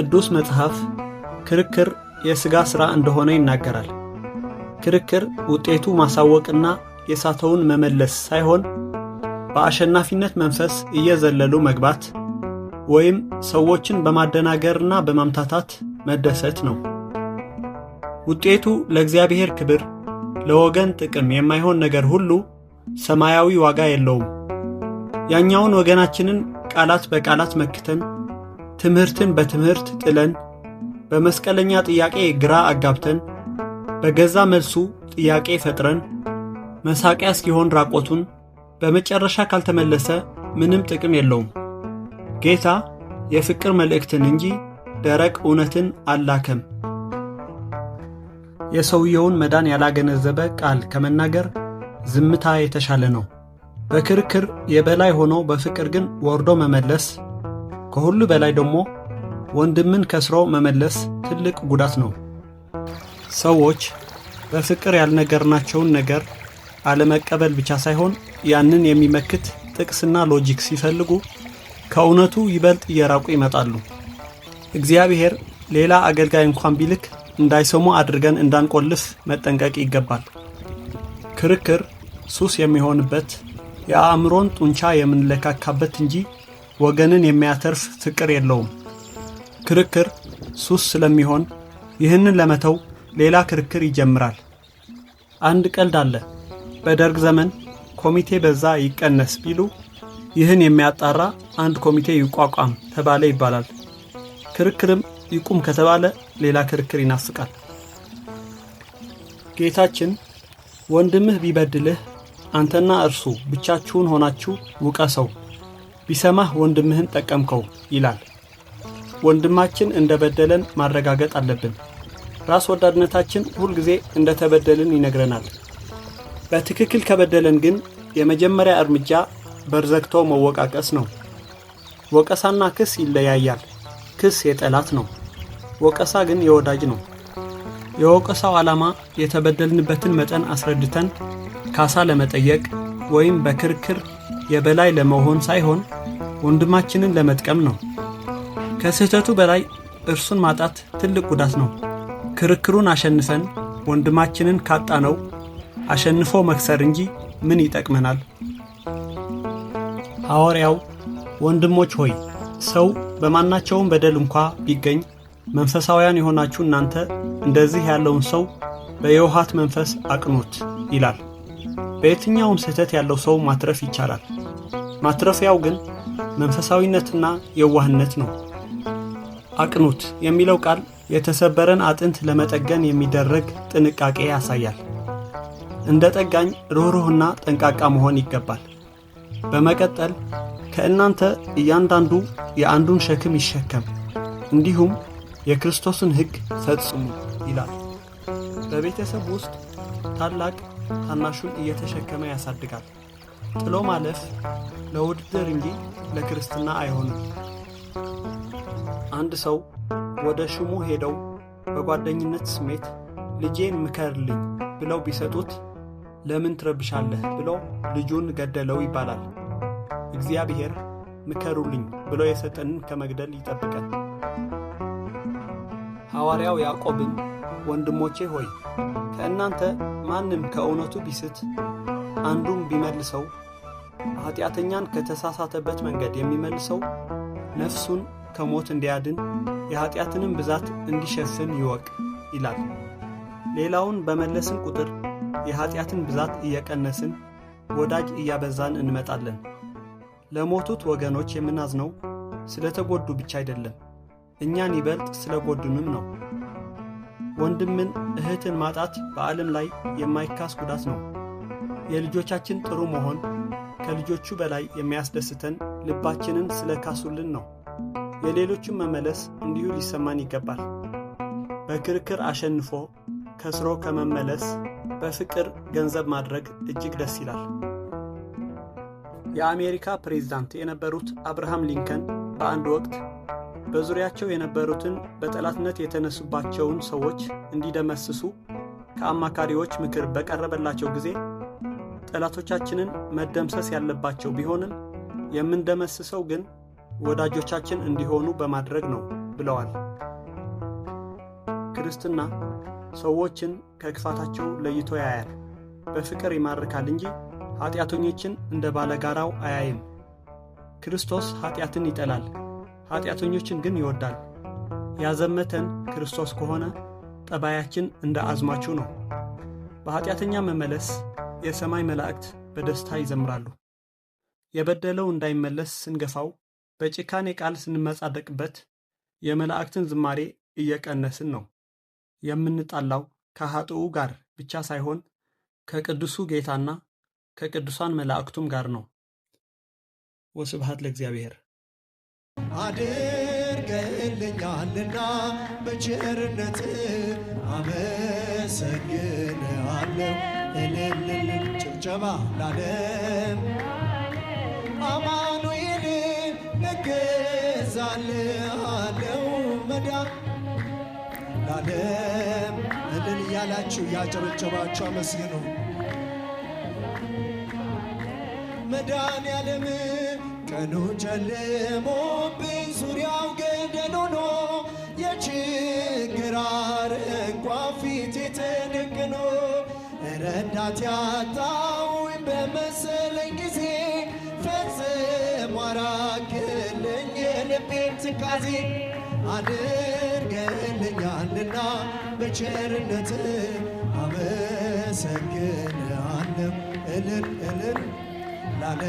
ቅዱስ መጽሐፍ ክርክር የሥጋ ሥራ እንደሆነ ይናገራል። ክርክር ውጤቱ ማሳወቅና የሳተውን መመለስ ሳይሆን በአሸናፊነት መንፈስ እየዘለሉ መግባት ወይም ሰዎችን በማደናገርና በማምታታት መደሰት ነው። ውጤቱ ለእግዚአብሔር ክብር፣ ለወገን ጥቅም የማይሆን ነገር ሁሉ ሰማያዊ ዋጋ የለውም። ያኛውን ወገናችንን ቃላት በቃላት መክተን ትምህርትን በትምህርት ጥለን በመስቀለኛ ጥያቄ ግራ አጋብተን በገዛ መልሱ ጥያቄ ፈጥረን መሳቂያ እስኪሆን ራቆቱን በመጨረሻ ካልተመለሰ ምንም ጥቅም የለውም። ጌታ የፍቅር መልእክትን እንጂ ደረቅ እውነትን አላከም። የሰውየውን መዳን ያላገነዘበ ቃል ከመናገር ዝምታ የተሻለ ነው። በክርክር የበላይ ሆኖ በፍቅር ግን ወርዶ መመለስ ከሁሉ በላይ ደግሞ ወንድምን ከስሮ መመለስ ትልቅ ጉዳት ነው። ሰዎች በፍቅር ያልነገርናቸውን ነገር አለመቀበል ብቻ ሳይሆን ያንን የሚመክት ጥቅስና ሎጂክ ሲፈልጉ ከእውነቱ ይበልጥ እየራቁ ይመጣሉ። እግዚአብሔር ሌላ አገልጋይ እንኳን ቢልክ እንዳይሰሙ አድርገን እንዳንቆልፍ መጠንቀቅ ይገባል። ክርክር ሱስ የሚሆንበት የአእምሮን ጡንቻ የምንለካካበት እንጂ ወገንን የሚያተርፍ ፍቅር የለውም። ክርክር ሱስ ስለሚሆን ይህንን ለመተው ሌላ ክርክር ይጀምራል። አንድ ቀልድ አለ። በደርግ ዘመን ኮሚቴ በዛ ይቀነስ ቢሉ ይህን የሚያጣራ አንድ ኮሚቴ ይቋቋም ተባለ ይባላል። ክርክርም ይቁም ከተባለ ሌላ ክርክር ይናፍቃል። ጌታችን ወንድምህ ቢበድልህ አንተና እርሱ ብቻችሁን ሆናችሁ ውቀሰው ቢሰማህ ወንድምህን ጠቀምከው ይላል። ወንድማችን እንደበደለን ማረጋገጥ አለብን። ራስ ወዳድነታችን ሁልጊዜ ተበደልን ይነግረናል። በትክክል ከበደለን ግን የመጀመሪያ እርምጃ በርዘግቶ መወቃቀስ ነው። ወቀሳና ክስ ይለያያል። ክስ የጠላት ነው፣ ወቀሳ ግን የወዳጅ ነው። የወቀሳው ዓላማ የተበደልንበትን መጠን አስረድተን ካሳ ለመጠየቅ ወይም በክርክር የበላይ ለመሆን ሳይሆን ወንድማችንን ለመጥቀም ነው። ከስህተቱ በላይ እርሱን ማጣት ትልቅ ጉዳት ነው። ክርክሩን አሸንፈን ወንድማችንን ካጣነው አሸንፎ መክሰር እንጂ ምን ይጠቅመናል? ሐዋርያው ወንድሞች ሆይ ሰው በማናቸውም በደል እንኳ ቢገኝ መንፈሳውያን የሆናችሁ እናንተ እንደዚህ ያለውን ሰው በየውሃት መንፈስ አቅኑት ይላል። በየትኛውም ስህተት ያለው ሰው ማትረፍ ይቻላል። ማትረፊያው ግን መንፈሳዊነትና የዋህነት ነው። አቅኑት የሚለው ቃል የተሰበረን አጥንት ለመጠገን የሚደረግ ጥንቃቄ ያሳያል። እንደ ጠጋኝ ርኅሩህና ጠንቃቃ መሆን ይገባል። በመቀጠል ከእናንተ እያንዳንዱ የአንዱን ሸክም ይሸከም፣ እንዲሁም የክርስቶስን ሕግ ፈጽሙ ይላል። በቤተሰብ ውስጥ ታላቅ ታናሹን እየተሸከመ ያሳድጋል። ጥሎ ማለፍ ለውድድር እንጂ ለክርስትና አይሆንም። አንድ ሰው ወደ ሹሙ ሄደው በጓደኝነት ስሜት ልጄን ምከርልኝ ብለው ቢሰጡት ለምን ትረብሻለህ ብሎ ልጁን ገደለው ይባላል። እግዚአብሔር ምከሩልኝ ብሎ የሰጠንን ከመግደል ይጠብቀን። ሐዋርያው ያዕቆብን ወንድሞቼ ሆይ ከእናንተ ማንም ከእውነቱ ቢስት አንዱም ቢመልሰው ኀጢአተኛን ከተሳሳተበት መንገድ የሚመልሰው ነፍሱን ከሞት እንዲያድን የኀጢአትንም ብዛት እንዲሸፍን ይወቅ ይላል። ሌላውን በመለስን ቁጥር የኀጢአትን ብዛት እየቀነስን ወዳጅ እያበዛን እንመጣለን። ለሞቱት ወገኖች የምናዝነው ስለ ተጎዱ ብቻ አይደለም፣ እኛን ይበልጥ ስለ ጎዱንም ነው። ወንድምን እህትን ማጣት በዓለም ላይ የማይካስ ጉዳት ነው። የልጆቻችን ጥሩ መሆን ከልጆቹ በላይ የሚያስደስተን ልባችንን ስለካሱልን ነው። የሌሎቹን መመለስ እንዲሁ ሊሰማን ይገባል። በክርክር አሸንፎ ከስሮ ከመመለስ በፍቅር ገንዘብ ማድረግ እጅግ ደስ ይላል። የአሜሪካ ፕሬዝዳንት የነበሩት አብርሃም ሊንከን በአንድ ወቅት በዙሪያቸው የነበሩትን በጠላትነት የተነሱባቸውን ሰዎች እንዲደመስሱ ከአማካሪዎች ምክር በቀረበላቸው ጊዜ ጠላቶቻችንን መደምሰስ ያለባቸው ቢሆንም የምንደመስሰው ግን ወዳጆቻችን እንዲሆኑ በማድረግ ነው ብለዋል። ክርስትና ሰዎችን ከክፋታቸው ለይቶ ያያል፣ በፍቅር ይማርካል እንጂ ኃጢአተኞችን እንደ ባለጋራው አያይም። ክርስቶስ ኃጢአትን ይጠላል ኃጢአተኞችን ግን ይወዳል። ያዘመተን ክርስቶስ ከሆነ ጠባያችን እንደ አዝማቹ ነው። በኃጢአተኛ መመለስ የሰማይ መላእክት በደስታ ይዘምራሉ። የበደለው እንዳይመለስ ስንገፋው፣ በጭካኔ ቃል ስንመጻደቅበት የመላእክትን ዝማሬ እየቀነስን ነው። የምንጣላው ከኃጥኡ ጋር ብቻ ሳይሆን ከቅዱሱ ጌታና ከቅዱሳን መላእክቱም ጋር ነው። ወስብሐት ለእግዚአብሔር። አድርገህልኛልና በቸርነት አመሰግንሃለሁ። እልልል ጭብጨባ ላለም አማኑኤል እገዛልሃለሁ መዳን ላለም እልል እያላችሁ እያጨበጨባችሁ አመስግኑ መዳን ያለም ቀኑ ጨልሞብኝ ዙሪያው ገደል ሆኖ የችግር አረንቋ ፊቴ ተደቅኖ ረዳት ያጣሁኝ በመሰለኝ ጊዜ ፈጽሞ አራቅልኝ የልቤን ትካዜ አድርገልኛልና በቸርነት አመሰግንሃለሁ እልል እልል ላለ